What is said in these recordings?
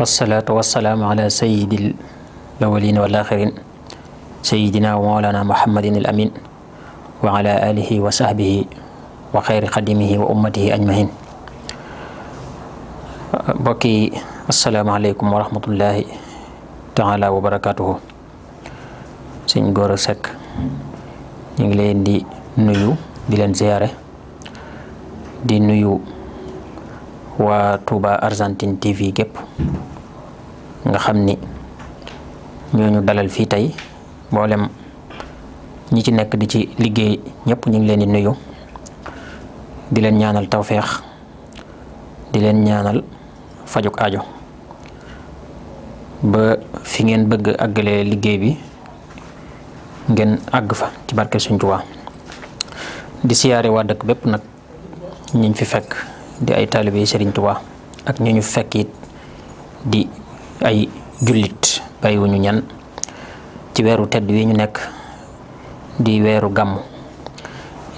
wasalaatu wasalaamu ala sayidil awalin wal axirin wa mawlana muhammadin al amin wa ala wa sahbihi wa xayri xadimihi wa ummatihi ajmahin mbokk yi asalaamaaleykum wa rahmatullahi taala wa barakatuhu sëñ Gora Seck ñu ngi leen di nuyu di leen ziyaare di nuyu waa Touba Argentine TV gépp nga xam ni ñooñu dalal fii tey mboolem ñi ci nekk di ci liggéey ñëpp ñu ngi leen di nuyu di leen ñaanal tawféex di leen ñaanal fajuk ajo ba fi ngeen bëgg àggale liggéey bi ngeen àgg fa ci barke Sëñ Tuubaa di siyaare waa dëkk bépp nag ñiñ fi fekk di ay taalibe Serigne Touba ak ñu ñu fekk it di ay jullit bàyyiwuñu ñan ci weeru tedd wi ñu nekk di weeru gàmm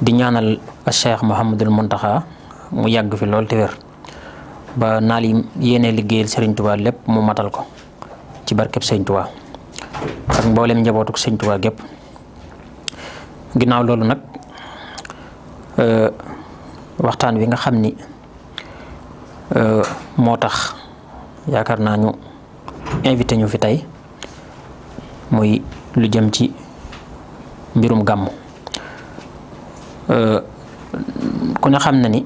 di ñaanal Cheikh Mouhamadul Mountakha mu yàgg fi lool te wer ba naal yi yéene liggéeyal Serigne lépp mu matal ko ci barkeb Serigne Touba ak mboolem njabootuk Serigne gépp ginnaaw loolu nag euh, waxtaan wi nga xam ni Euh, moo tax yaakaar naa ñu invité ñu fi tey muy lu jëm ci mbirum gàmm euh, ku ne xam na ni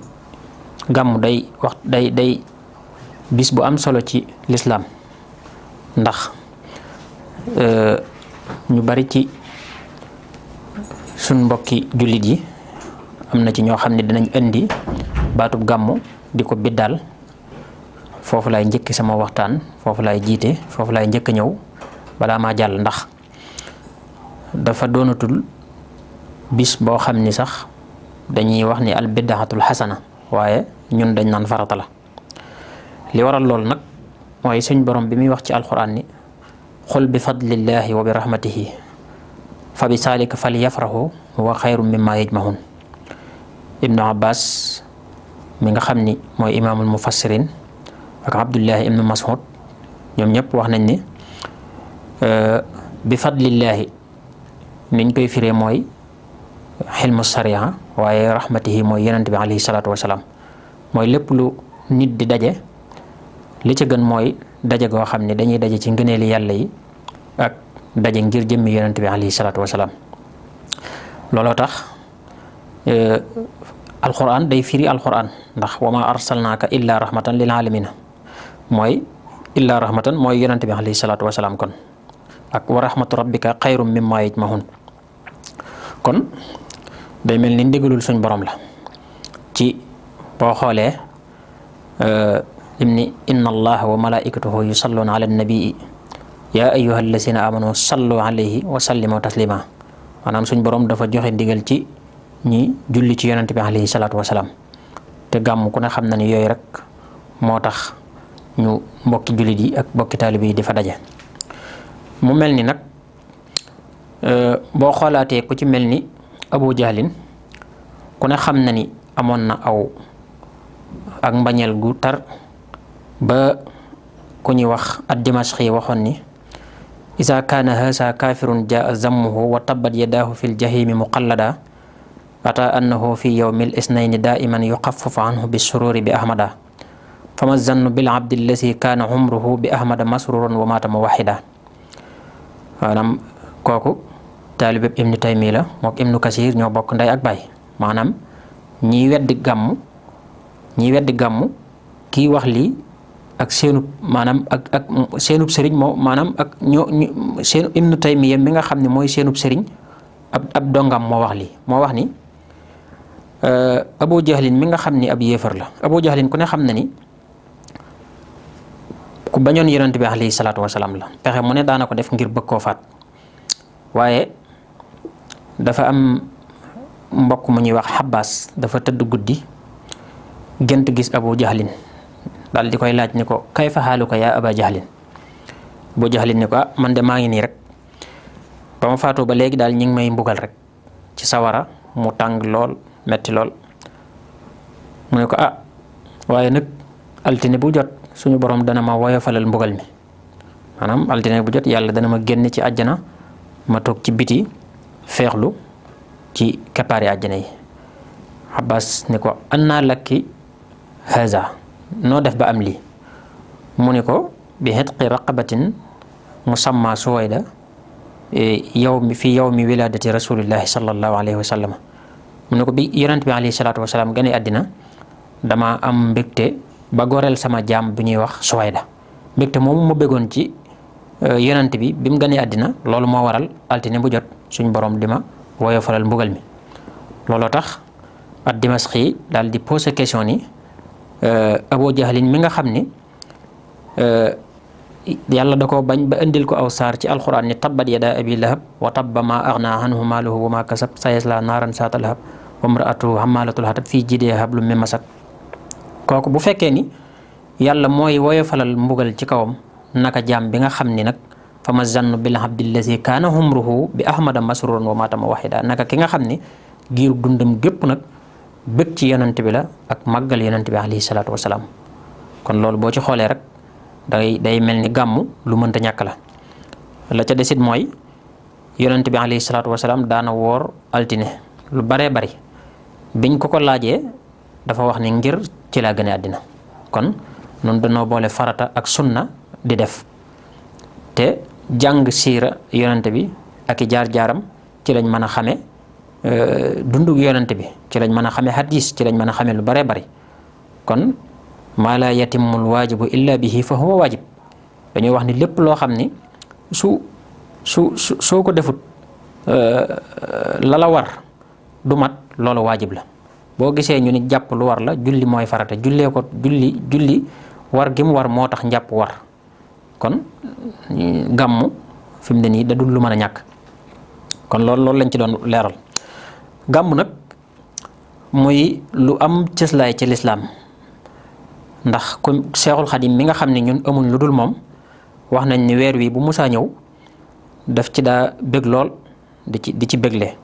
gàmm day wax day day bis bu am solo ci lislaam ndax euh, ñu bari ci suñ mbokki jullit yi am na ci ñoo xam ne dinañ indi baatub gàmm di ko biddaal foofu laay njëkk sama waxtaan foofu laay jiite foofu laay njëkk a ñëw balaa ma jàll ndax dafa doonatul bis boo xam ni sax dañuy wax ni al biddaxatul xasana waaye ñun dañ naan faratala li waral loolu nag mooy suñ borom bi muy wax ci alxuraan ni xol bi fadlillahi wa bi rahmatihi fa bi saalika fal yafrahu wa xayrum mimma yajmahun ibnu abbas mi nga xam ni mooy imaamul mufassirin ak Abdullahi ibnu Mas'ud ñoom ñëpp wax nañ ni euh, bi fadlillahi niñ koy firee mooy xilmu sariya waaye rahmatihi mooy yonent bi alayhi salaatu wasalaam mooy lépp lu nit di daje li ci gën mooy daje goo xam ne dañuy daje ci ngëneeli yàlla yi ak daje ngir jëmmi yonent bi alayhi salaatu wasalaam looloo tax euh, alquran day firi alquran ndax wa ma arsalnaaka illa rahmatan lil alamina mooy illaa rahmatan mooy yonente bi alayhi salaatu wasalaam kon ak wa rahmatu rabbika xayrum mimma yajmahun kon day mel ni ndigalul suñ borom la ci boo xoolee euh, lim ni inna allaha wa malaikatahu yusalluna ala nabii yaa ayyuha allazina amanu sallu alayhi wa taslima maanaam suñ borom dafa joxe ndigal ci ñi julli ci yonente bi alayhi salaatu wasalaam te gàmm ku ne xam na ni yooyu rek moo tax ñu mbokki jullit yi ak mbokki taalibe yi di fa daje mu mel ni nag euh, boo xoolaatee ku ci mel ni abu jahlin ku xam na ni amoon na aw ak mbañeel gu tar ba ku ñuy wax ad dimashqi yi waxoon ni isa kaana haasa kaafirun jaa zammuhu wa tabbat yadaahu fi ljahimi muqallada ata annahu fi yowmi l isnaini daiman yuxafafu anhu bi sururi bi ahmada fama zannu bil abdi allasi kaana umruhu bi ahmada masruran wa maata muwahhida maanaam kooku taalibeb ibnu taymi la mook ibnu kasir ñoo bokk ndey ak baay maanaam ñiy weddi gàmm ñiy weddi gàmm kii wax lii ak seenub maanaam ak ak seenub sëriñ moo maanaam ak ñoo seen ibnu nga xam ne mooy seenub sëriñ ab dongam moo wax lii moo wax ni euh, abu jahlin mi nga xam ni ab yéefar la abu jahlin ku ne xam na ni ku bañoon yonent bi alayhi salaatu wasalaam la pexe mu ne daana ko def ngir bëgg koo faat waaye dafa am mbokk mu ñuy wax xabaas dafa tëdd guddi gént gis abu jaxlin dal di koy laaj ni ko kay fa xaalu ko yaa aba jahlin abu jahlin ni ko ah man de maa ngi nii rek ba ma ba léegi daal ñu ngi may mbugal rek ci sawara mu tàng lool metti lool mu ah, waaye nag altine bu jot suñu borom dana ma woyofalal mbugal mi maanaam altine bu jot yàlla dana ma génn ci àjjana ma toog ci biti feexlu ci keppaari àjjana yi Abbas ni ko annaa lakki haza noo def ba am lii mu ni ko bi xetqi raqabatin musamma suwayda e, yow mi fi yow mi wilaadati rasulillahi sallallahu alayhi wa mu ne ko bi yonent bi am mbégte ba goreel sama jaam bu ñuy wax Suwayda mbégte moom ma bëggoon ci euh, yonent bi bi gane ganee àddina loolu moo waral altine bu jot suñ borom di ma woyofaral mbugal mi looloo tax ad Dimasqi daal di posé question ni euh, Abu Jahlin mi nga xam ni euh, yàlla da ko bañ ba indil ko aw saar ci alxuraan ni tabbat yadaa abi lahab wa tabba maa aghnaa anhu maaluhu wa maa kasab sayaslaa naaran saata lahab wa imra'atuhu hammaalatul hatab fii jiidihaa hablum min masad kooku bu fekkee ni yàlla mooy falal mbugal ci kawam naka jaam bi nga xam ni nag fa ma zannu bil abdillazi kaana humruhu bi ahmada masruran wa matama waxida naka ki nga xam ni giir dundam gépp nag bëgg ci yonent bi la ak màggal yonent bi alayhi salaatu wasalaam kon loolu boo ci xoolee rek day day mel ni gàmm lu mënta ñàkk la la ca desit mooy yonent bi alayhi salaatu wasalaam daana woor altine lu baree bari biñ ko dafa wax ni ci laa gënee àddina kon noonu dañoo boole farata ak sunna di def te jàng siira yonante bi ak i jaar-jaaram ci lañ mën a xame euh, dundug yonante bi ci lañ mën a xame hadis ci lañ mën a xame lu bare bari kon maa laa yatimmul waajibu illa bihi fa huwa waajib dañuy wax ni lépp loo xam ni su su su soo ko defut euh, lala war du mat loolu waajib la boo gisee ñu ni jàpp lu war la julli mooy farata jullee ko julli julli war gi war moo tax njàpp war kon gàmmu fi mu ne nii da lu mën a ñàkk kon loolu loolu lañ ci doon leeral gàmmu nag muy lu am cëslaay ci lislaam ndax ku seexul xadim mi nga xam ne ñun amuñ lu dul moom wax nañ ni weer wi bu musaa ñëw daf ci daa bëgg lool di ci di ci bëggle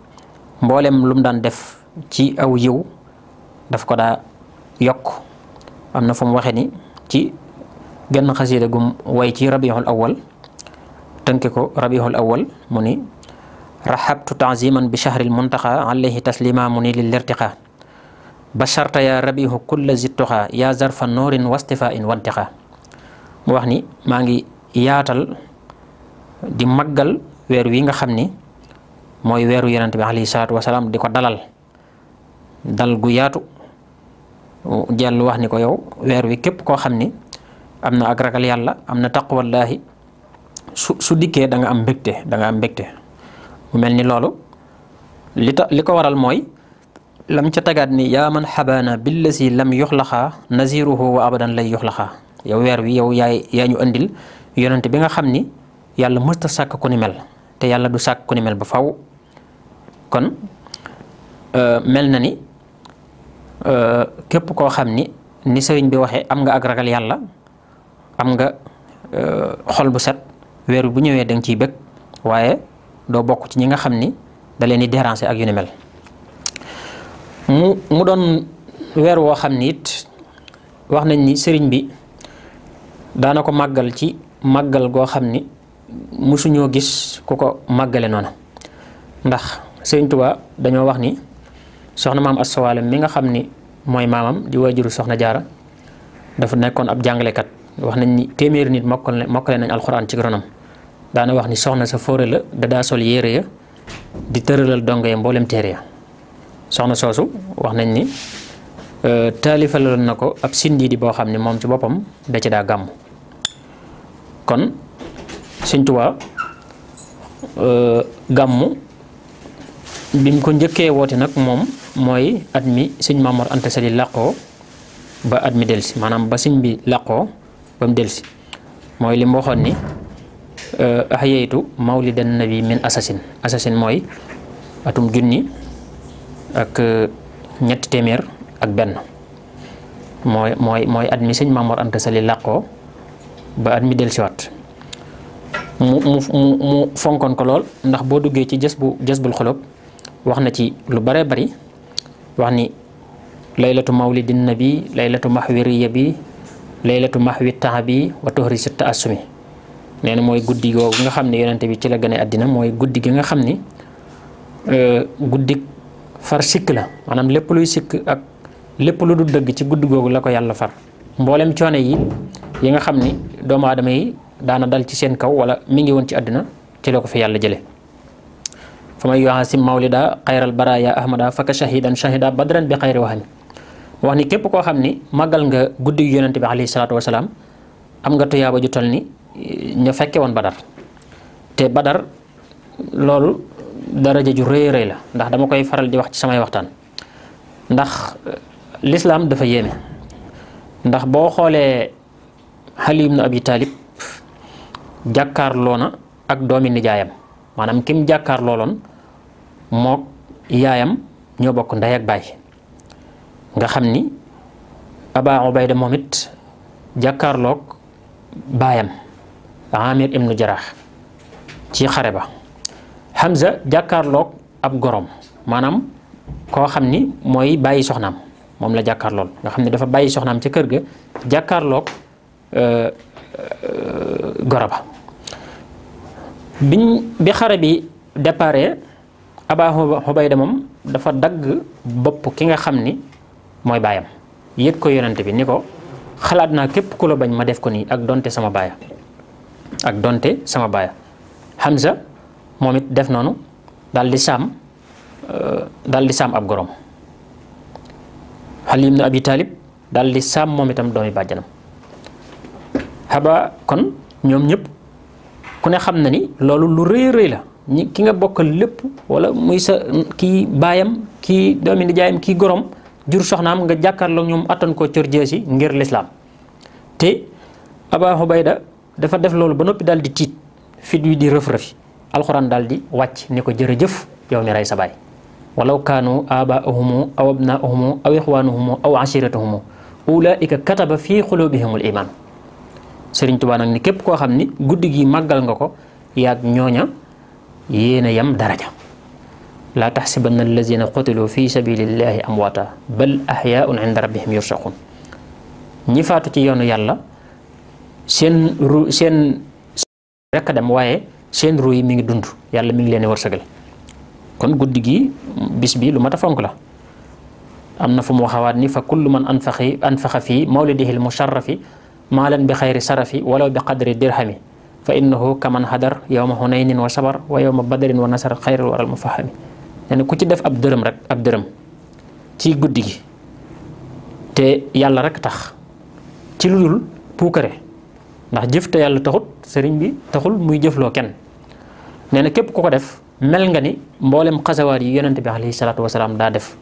mboolem lu mu daan def ci aw yiw daf ko daa yokk am na fu mu waxee ni ci genn xasiida gum way ci rabiixul awal tënke ko rabiixul awal mu ni rahabtu taaziman bi shahril muntaqa alayhi taslima mu ni lil irtiqa basharta yaa rabihu kulla zittuxa yaa zarfa noorin wastifa in wantiqa mu wax ni maa ngi yaatal di maggal weer wi nga xam ni mooy weeru yonent bi alayhi salaatu wasalaam di ko dalal dal gu yaatu jàllu wax ni ko yow weer wi képp koo xam ni am na ak ragal yàlla am na taqwallaahi su su dikkee da nga am mbégte am mbégte mu mel ni loolu li li ko waral mooy lam ca tagaat ni yaa man xabaana billasi lam yuxlaxaa naziruhu wa abadan lay yuxlaxaa yow weer wi yow yaay yaa ñu andil yonent bi nga xam ni yàlla mësta sàkk ku mel te yàlla du sàkk ku ni mel ba faw kon euh, mel na ni Euh, képp koo xam ni ni sëriñ bi waxee am nga ak ragal yàlla am nga euh, xol bu set weer bu ñëwee dang ciy bëgg waaye doo bokk ci ñi nga xam ni da leen di déranger ak yu ni mel mu mu doon weer woo xam ni it wax nañ ni sëriñ bi daana ko màggal ci màggal goo xam ni musuñoo gis ku ko màggale noonu ndax sëriñ dañoo wax ni soxna maam Assawaale mi nga xam ni mooy maamam di waajuru soxna jaara dafa nekkoon ab jàngalekat wax nañ ni téeméeri nit mokkale mokkale nañ alxuraan ci ronam daana wax ni soxna sa fóore la dadaa sol yére ya di tëralal dongo ya mboolem téere ya soxna soosu wax nañ ni euh, taalifaloon na ko ab sindi di boo xam ne moom ci boppam da ci daa gàmm kon Sëñ Tuubaa euh, gàmm bi mu ko njëkkee woote nag moom mooy at mi sëñ Maamoor Anta Sali ba at mi delsi maanaam ba sëñ bi làqoo ba mu delsi mooy li mu waxoon ni euh, axyaytu mawlidan bi min assasine assasine mooy atum junni ak euh, ñett téeméer ak benn mooy mooy mooy at mi sëñ Maamoor Anta Sali ba at mi delsiwaat mu mu mu fonkoon ko lool ndax boo duggee ci jës bu jës bul xolob wax na ci lu bare bari wax ni laylatu mawlidin nabi laylatu maxwi riya bi laylatu maxwi tahabi bi tuhri si taasumi nee na mooy guddi googu nga xam ne yonente bi ci la gane àddina mooy guddi gi nga xam ni euh, guddi far sikk la maanaam lépp luy sikk ak lépp lu du dëgg ci guddi googu la ko yàlla far mboolem coone yi yi nga xam ni doomu aadama yi daana dal ci seen kaw wala mi ngi woon ci àddina ci la ko fi yàlla jële fa may yoxasim mawlida xayral baraya ahmada faka shahidan shahida badran bi xayri waxami wax ni képp koo xam ni màggal nga guddi yu yonente bi alayhi salaatu wasalaam am nga tuyaaba ju toll ni ña fekke woon badar te badar loolu daraja ju rëy rëy la ndax dama koy faral di wax ci samay waxtaan ndax eh, lislaam dafa yéeme ndax boo xoolee Ali ibn Abi Talib jàkkaarloo ak doomi nijaayam maanaam kim jàkkaarlooloon mook yaayam ñoo bokk ndey ak baay nga xam ni Aba Ubayda moom it jàkkaarloog baayam Amir ibnu Jaraax ci xare ba Hamza jàkkaarloog ab gorom maanaam koo xam ni mooy bàyyi soxnaam moom la jàkkaarlool nga xam ni dafa bàyyi soxnaam ca kër ga jàkkaarloog euh, euh, goro ba bi xare bi déparé Aba Xubayda moom dafa dagg bopp ki nga xam ni mooy baayam yëg ko yonent bi ni ko xalaat naa képp ku la bañ ma def ko nii ak donte sama baaya ak donte sama baaya sa moom it def noonu daal di saam euh, dal di saam ab gorom Ali ibn Abi Talib daal di saam moom itam doomi bàjjanam Aba kon ñoom ñëpp ku ne xam na ni loolu lu rëy rëy la ki nga bokkal lépp wala muy sa kii baayam kii doomi nijaayam kii gorom jur soxnaam nga jàkkaarloo ñoom attan ko cër jees ngir lislaam te Aba da dafa def loolu ba noppi daal di tiit fit wi di rëf-rëfi alxuraan daal di wàcc ni ko jërëjëf yow mi rey sa baay walaw kaanu abaa'uhumu aw abnaa'uhumu aw ixwaanuhumu aw ashiratuhumu ulaa'ika kataba fii xulubihimul iman Sëriñ Tuubaa nag ni képp koo xam ni guddi gi màggal nga ko yaag ñooña yéen a yam daraja laa taxsibanna allazina qutilu fi sabilillahi amwaata bal ahyaun inda rabbihim yursaqun ñi faatu ci yoonu yàlla seen ru seen dem waaye seen ru yi mi ngi dund yàlla mi ngi leen wërsëgal kon guddi gi bis bi lu mat a fonk la am na fu mu waxawaat ni fa kullu man anfaxi anfaxa fii mawlidihi l musharrafi maalan bi xayri sarafi walaw bi qadri dirhami fa innahu kaman hadar yawma hunaynin wa sabar wa yawma badrin wa nasar xayril waral mufahami nee na ku ci def ab dërëm rek ab dërëm ci guddi gi te yàlla rek tax ci lu dul puukare ndax jëf te yàlla taxut sëriñ bi taxul muy jëfloo kenn nee na képp ku ko def mel nga ni mboolem xasawaar yi yonente bi alayhi salaatu wasalaam daa def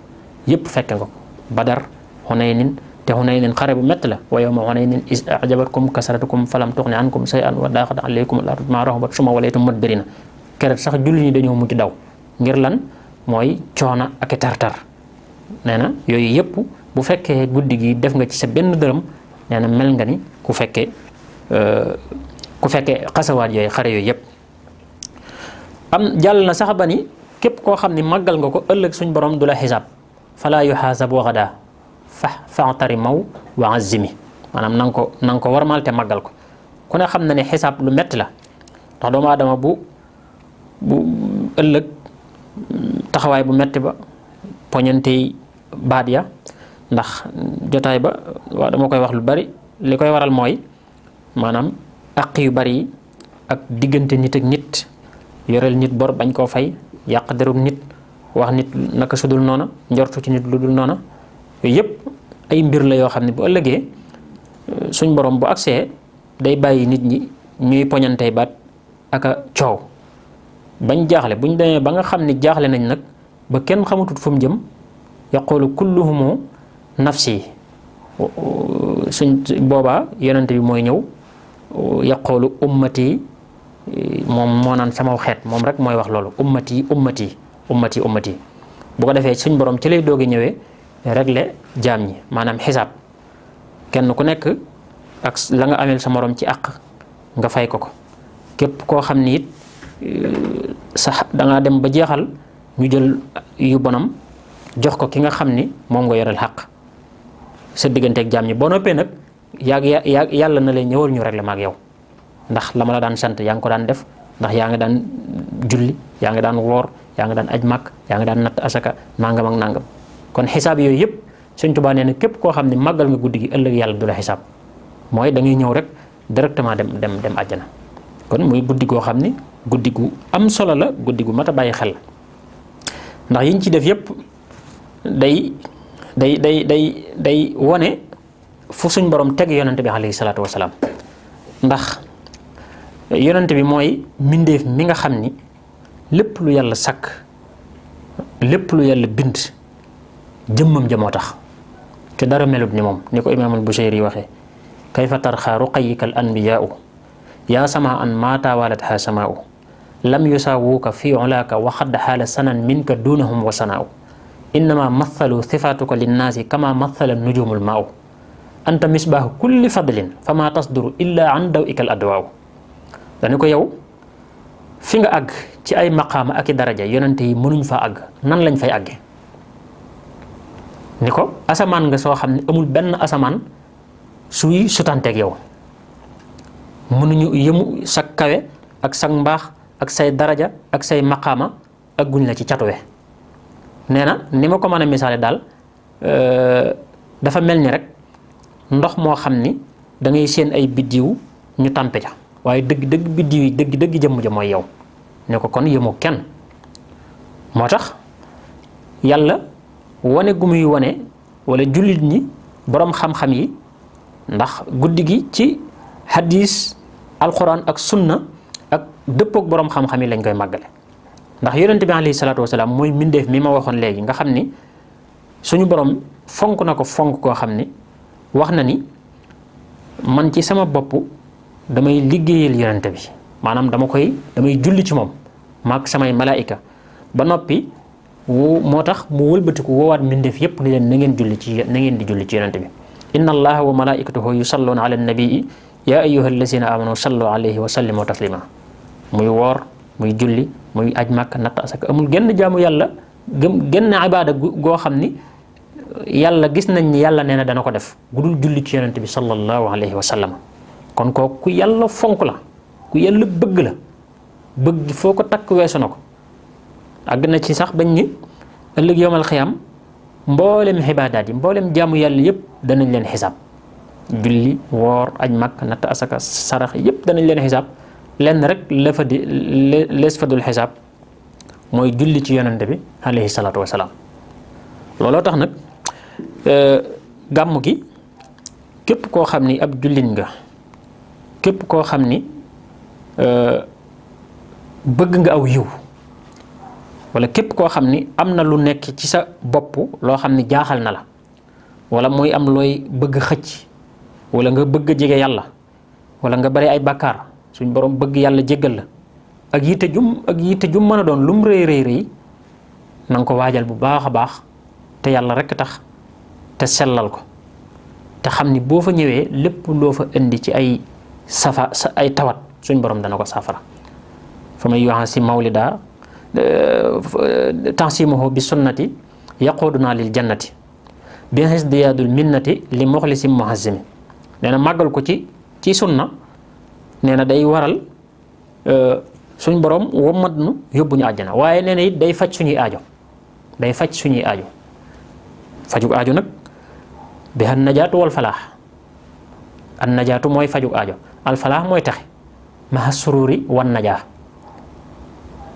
yépp fekke ko badar hunaynin te Xunaynin xare bu métti la wa yawma Xunaynin iz ajabatkum kasratukum falam tuxni ankum shay'an wa daaqat alaykum al-ardu bimaa rahabat summa walaytum na keroog sax julli ñi dañoo mujj daw ngir lan mooy coona ak tartar nee na yooyu yëpp bu fekkee guddi gi def nga ci sa benn dërëm nee na mel nga ni ku fekkee euh, ku fekkee xasawaat yooyu xare yooyu yëpp am jàll na sax ba ni képp koo xam ni màggal nga ko ëllëg suñ borom du la xisaab falaa yuxaasabu gadan fa fantari maw wa azimi maanaam na nga ko na nga ko warmal te màggal ko ku ne xam na ne xisaab lu metti la ndax doomu adama bu bu ëllëg taxawaay bu metti ba poñantey baat ya ndax jotaay ba waaw dama koy wax lu bari li koy waral mooy maanaam àq yu bari yi ak diggante nit ak nit yoreel nit bor bañ koo fay yàq derum nit wax nit naka sudul noona njortu ci nit lu dul noona yooyu yëpp ay mbir la yoo xam ne bu ëllëgee euh, suñ borom bu agsee day bàyyi nit ñi ñuy poñantey baat ak a coow bañ jaaxle buñ demee ba nga xam ni jaaxle nañ nag ba kenn xamatut fu mu jëm yaqulu kulluhumu nafsi suñ boobaa yonente bi mooy ñëw yaqulu ummati euh, moom moo naan sama xeet moom rek mooy wax loolu ummati ummati ummati bu ko defee suñ borom ci lay doogi ñëwee régler jaam ñi maanaam xisaab kenn ku nekk ak la nga ameel sa moroom ci àq nga fay ko ko képp koo xam ni it euh, sax dangaa dem ba jeexal ñu jël yu bonam jox ko ki nga xam ni moom nga yoreel xaq sa digganteeg jaam ñi boo noppee nag yaag yaa yàlla na leen ñëwal ñu régler ma ak yow ndax la la daan sant yaa ngi ko daan def ndax yaa ngi daan julli yaa ngi daan woor yaa ngi daan aj màkk yaa ngi daan natt asaka nangam ak nangam kon xisaab yooyu yëpp sëñ Tuubaa nee na képp koo xam ne màggal nga guddi gi ëllëg yàlla du la xisaab mooy da ñëw rek directement dem dem dem àjjana kon muy guddi goo xam ne guddi gu am solo la guddi gu mat a bàyyi xel ndax yiñ ci def yëpp day day day day day wone fu suñ borom teg yonent bi alayhi salaatu wasalaam ndax yonent bi mooy mbindeef mi nga xam ni lépp lu yàlla sakk lépp lu yàlla bind jëmmam ja moo tax te dara melut ni moom ni ko imaamul Buseyri waxee kayfa tarxaa ruqayikal anbiyaau yaa sama an maataawalat ha samaau lam yusaawuuka fi ulaaka waxad xaala sanan minka duunahum wa sanaaw innama mathalu sifaatuka linnaasi kama mathala nujumul maaw anta misbaahu kulli fadlin fa maa tasduru illaa an daw ikal adwaaw ko yow fi nga àgg ci ay maqaama ak daraja yonente yi mënuñ fa àgg nan lañ fay àgge ni ko asamaan nga soo xam ne amul benn asamaan suy sutanteeg yow mënuñu yëmu sa kawe ak sa mbaax ak say daraja ak say maqaama ak guñ la ci catuwe nee na ni ma ko mën a misaale daal euh, dafa mel ni rek ndox moo xam ni dangay ngay seen ay biddiw ñu tàmpe ja waaye dëgg dëgg biddiw yi dëgg dëgg jëmm ja mooy yow ne ko kon yëmu kenn moo tax yàlla wane gu muy wane wala jullit ñi boroom xam-xam yi ndax guddi gi ci hadis alxuraan ak sunna ak dëppoog boroom xam-xam yi lañ koy màggale ndax yonente bi alayhi salaatu wasalaam mooy mbindeef mi ma waxoon léegi nga xam ni suñu borom fonk na ko fonk koo xam ni wax na ni man ci sama bopp damay liggéeyal yonente bi maanaam dama koy damay julli ci moom maak samay malaayika ba noppi moo tax mu wëlbatiku woowaat mbindeef yépp ni leen na ngeen julli ci na ngeen di julli ci yonente bi inna allaha wa malaikatahu yusalluuna ala nabii yaa ayyuha allazina amanu sallu alayhi wa sallimu taslima muy woor muy julli muy aj màkk natt asaka amul genn jaamu yàlla gëm genn ibaada goo xam ni yàlla gis nañ yàlla nee na dana ko def gudul julli ci yonente bi sallallahu alayhi wa sallam kon kooku ku yàlla fonk la ku yàlla bëgg la bëgg foo ko takk weesu ko àgg na ci sax bañ ni ëllëg yowmal xiyam mbooleem xibaadaat yi mboolem jaamu yàlla yëpp danañ leen xisaab julli woor aj makk natt asaka sarax yëpp danañ leen xisaab lenn rek la lees fa dul xisaab mooy julli ci yonante bi alayhi salaatu wasalaam looloo tax nag euh, gàmm gi képp koo xam ni ab jullit nga képp koo xam ni euh, bëgg nga aw yiw wala képp koo xam ni am na lu nekk ci sa bopp loo xam ni jaaxal na la wala muy am looy bëgg xëcc wala nga bëgg a jege yàlla wala nga bari ay bàkkaar suñ borom bëgg yàlla jéggal la ak yitte jum ak yitte jum mën a doon lum rëy rëy rëy na ko waajal bu baax a baax te yàlla rekk tax te sellal ko te xam ni boo fa ñëwee lépp loo fa indi ci ay safa ay tawat suñ borom dana ko saafara fa may yoxan si mawlida Euh, tansimuhu bi sunnati yaquduna lil jannati bi hisdiyaadul minnati li muxlisim muhazimi nee na màggal ko ci ci sunna nee na day waral euh, suñ borom wommat nu yóbbu ñu waaye nee na it day faj suñuy aajo day faj suñuy ajo fajug ajo nag bi an najaatu wal falaax an najaatu mooy fajug ajo al falaax mooy taxe maha sururi wan najaa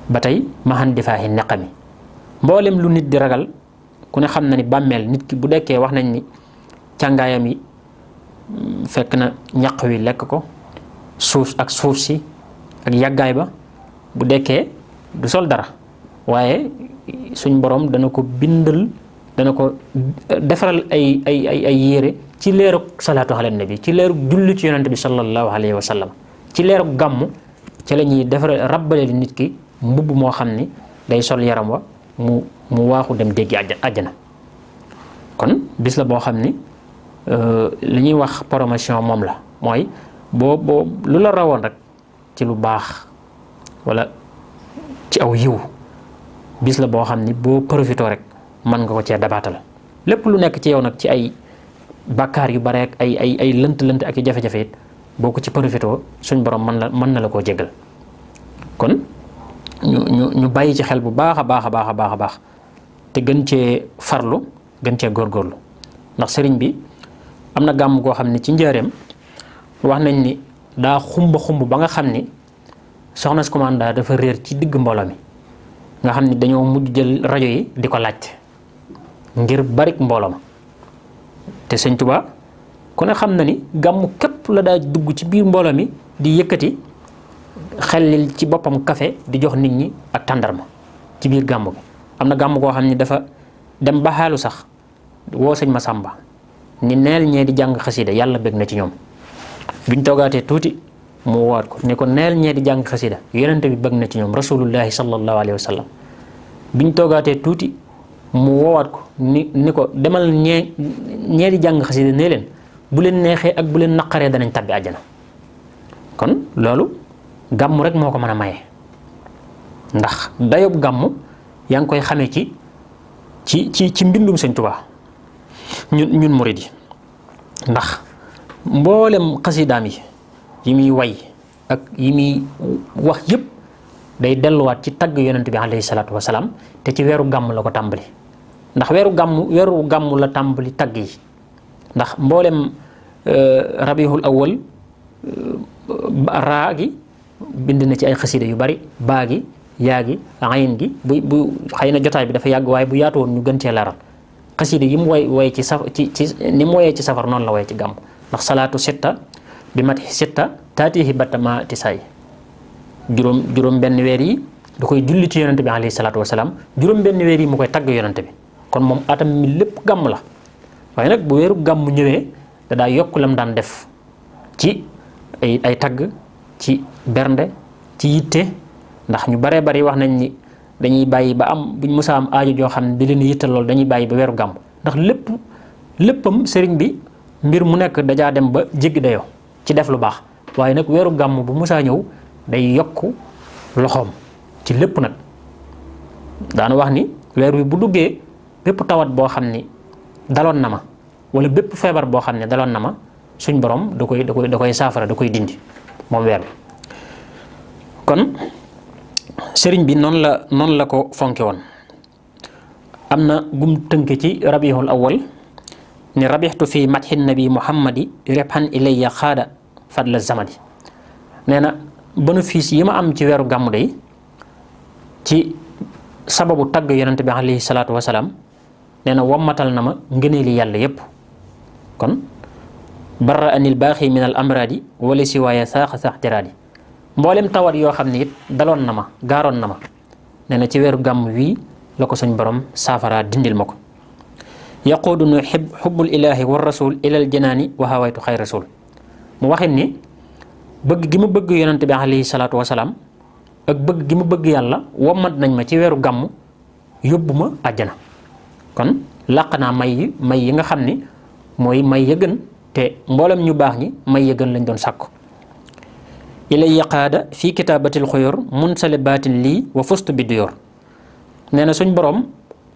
ba tey mahan difaahi neqami mboolem lu nit di ragal ku ne xam na ni bàmmeel nit ki bu dekkee wax nañ ni càngaayam yi mm, fekk na ñaq wi lekk ko suuf ak suuf si ak yàggaay ba bu dekkee du sol dara waaye suñ boroom dana ko bindal dana ko eh, defaral ay ay ay ay yére ci leerug salaatu ala nabi ci leerug julli ci yonante bi sallallahu alayhi wa sallam ci leerug gàmm ci la ñuy defaral nit ki mbubb moo xam ni day sol yaram wa mu mu waaxu dem déggi àjjana kon bis la boo xam ni euh, li ñuy wax promotion moom la mooy boo boo lu la rawoon rek ci lu baax wala ci aw yiw bis la boo xam ni boo profité rek mën nga ko cee dabaatal lépp lu nekk ci yow nag ci ay bàkkaar yu bare ak ay ay ay lënt-lënt ak i jafe-jafe boo ko ci profité suñ borom mën la mën na la koo jégal kon ñu ñu ñu bàyyi ci xel bu baax a baax a baax a baax a baax te gën cee farlu gën cee góor góorlu ndax sëriñ bi am na gàmm goo xam ne ci njaareem wax nañ ni daa xumba xumb ba nga xam ni soxna si dafa réer ci digg mbooloo mi nga xam ni dañoo mujj jël rajo yi di ko laajte ngir barik mbooloo ma te sëñ Tuubaa ku ne xam na ni gàmm képp la daa dugg ci biir mbooloo mi di yëkkati xellil ci boppam kafe di jox nit ñi ak tàndarma ci biir gàmm gi am na gàmm koo xam ne dafa dem ba xaalu sax woo sëñ ma sàmba ni neel ñee di jàng xasida yàlla bëgg na ci ñoom biñ toogaatee tuuti mu waat ko ni ko neel ñee di jàng xasida yonente bi bëgg na ci ñoom rasulullahi sallallahu alayhi wa sallam biñ toogaatee tuuti mu woowaat ko ni ni ko demal ñee ñee di jàng xasida nee leen bu leen neexee ak bu leen naqaree danañ tabbi àjjana kon loolu gàmmu rek moo ko mën a maye ndax dayob gàmm yaa ngi koy xamee ci ci ci ci mbindum sëñ Tuubaa ñun ñun yi ndax mboolem xasidaam yi yi muy way ak yi muy wax yépp day delluwaat ci tagg yonent bi alayhi salaatu salaam te ci weeru gàmmu la ko tàmbali ndax weeru gàmmu weeru gàmm la tàmbali tagg yi ndax mboolem euh, rabiihul awwal euh, raa gi bind na ci ay xasida yu bari baa gi yaa gi ayin gi bu bu xëy na jotaay bi dafa yàgg waaye bu yaatu woon ñu gën cee leeral xasida yi mu woy woy ci saf ci ci ni mu ci safar noon la woyee ci gàmm ndax salaatu sitta bi mat sitta taatihi battama tisaay juróom juróom benn weer yi du koy julli ci yonante bi alayhi salaatu wasalaam juróom benn weer yi mu koy tagg yonante bi kon moom atam mi lépp gàmm la waaye nag bu weeru gàmm ñëwee da daa yokk lam daan def ci ay ay tagg ci bernde ci yitte ndax ñu baree bari wax nañ ni dañuy bàyyi ba am buñ musa am aajo joo xam ne di leen lool dañuy bàyyi ba weeru gàmm ndax lépp léppam sëriñ bi mbir mu nekk dajaa dem ba jéggi dayoo ci def lu baax waaye nag weeru gàmm bu musaa ñëw day yokk loxoom ci lépp nag daana wax ni weer wi bu duggee bépp tawat boo xam ni daloon na ma wala bépp feebar boo xam ne daloon na ma suñ borom da koy da da koy saafara da koy dindi moom weer kon sëriñ bi noonu la noonu la ko fonke woon am na gum tënk ci rabiixul awwal ni rabixtu fi matxi nabi muhammadi rebxan ilayya xaada fadla zamadi nee na bénéfice yi ma am ci weeru gàmmu day ci sababu tagg yonente bi alayhi salaatu wasalaam nee na wammatal na ma ngëneeli yàlla yépp kon barra anil baaxi min al amraadi wala si waaye saaxa sax tiraadi mboolem tawat yoo xam ne it daloon na ma gaaroon na ma nee na ci weeru gàmm wii ko suñ borom saafara dindil ma ko yaquudunu xib xubbul ilaahi wa rasul ilal xay rasul mu waxit ni bëgg gi ma bëgg yonent bi alayhi salaatu wasalaam ak bëgg gi ma bëgg yàlla wommat nañ ma ci weeru gàmm yóbbu ma àjjana kon làq naa may yi yi nga xam ni mooy may ya te mboolem ñu baax ñi may yëgal lañ doon sàkku ilay yaqaada fii kitaabatil xuyur mun sale baatin lii wa fustu bi duyoor nee na suñ borom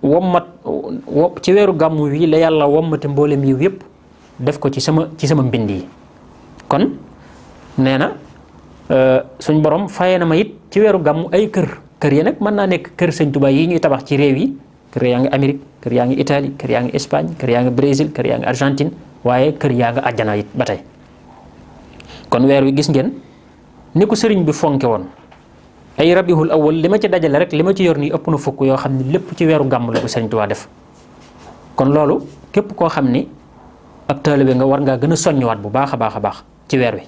wommat ci weeru gàmmu wi la yàlla wommate mboolem yiw yëpp def ko ci sama ci sama mbind yi kon nee na euh, suñ borom faye na ma it ci weeru gàmmu ay kër kër yi nag mën naa nekk kër sëñ Tuubaa yi ñuy tabax ci réew yi kër yaa ngi Amérique kër yaa ngi Italie kër yaa ngi Espagne kër yaa ngi Brésil kër yaa ngi Argentine waaye kër yaa nga àjjana it ba tey kon weer wi gis ngeen ni ko sëriñ bi fonke woon ay rabiihul awwal li ma ci dajale rek li ma ci yor nii ëpp na fukk yoo xam ne lépp ci weeru gàmm la ko sëriñ def kon loolu képp koo xam ni ak taalibe nga war ngaa gën a soññiwaat bu baax a baax a baax ci weer wi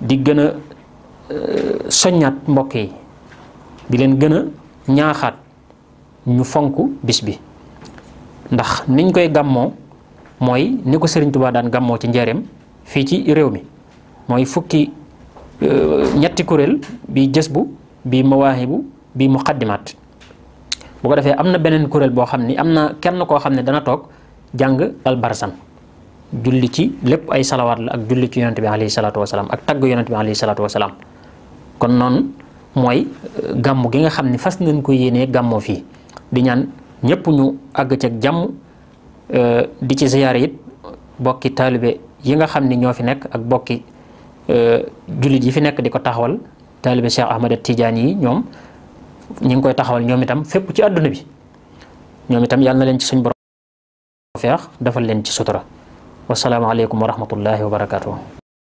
di gën a euh, soññaat mbokk yi di leen gën a ñaaxaat ñu fonk bis bi ndax niñ koy gàmmoo mooy ni ko Serigne Touba daan gàmmoo ci njareem fii ci réew mi mooy fukki euh, ñetti kuréel bi jës bu bi mawaahibu bii muqaddimaat bu ko defee am na beneen kuréel boo xam ni am na kenn koo xam ne dana toog jàng albarsan julli ci lépp ay salawaat la ak julli ci yonante bi alayhi salaatu wasalaam ak tagg yonante bi alayhi salaatu kon noonu mooy euh, gàmmu gi nga xam ne fas nañ ko yéenee gàmmoo fii di ñaan ñëpp ñu àgg ceeg jàmm Euh, di ci ziyaare it bokki taalibe yi nga xam ni ñoo fi nekk ak bokki euh, jullit yi fi nekk di ko taxawal taalibe Cheikh Ahmada Tidiane yi ñoom ñi ngi koy taxawal ñoom itam fépp ci àdduna bi ñoom itam yàlla na leen ci suñ borom feex defal leen ci sutura wasalaamaaleykum wa rahmatullahi wa barakatuh